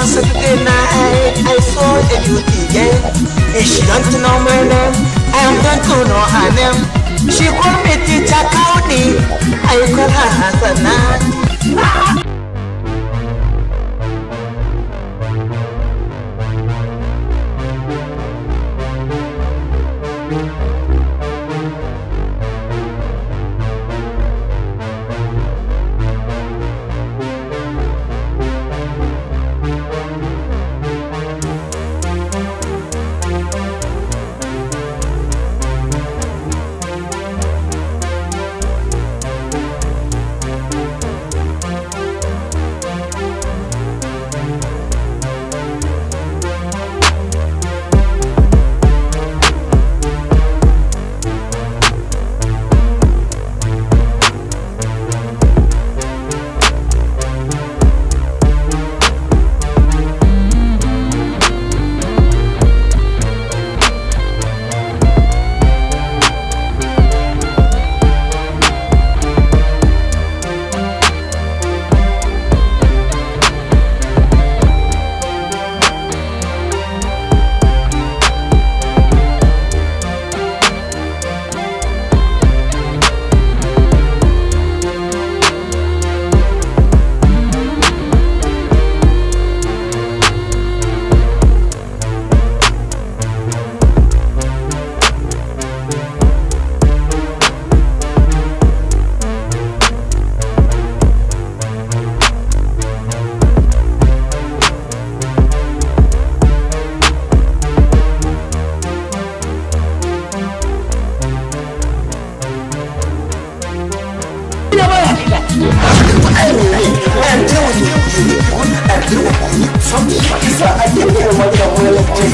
on Saturday night, I saw a beauty girl, and she don't know my name, I am going to know her name. She called me teacher County, I call her Hassanah. thank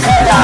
Kada!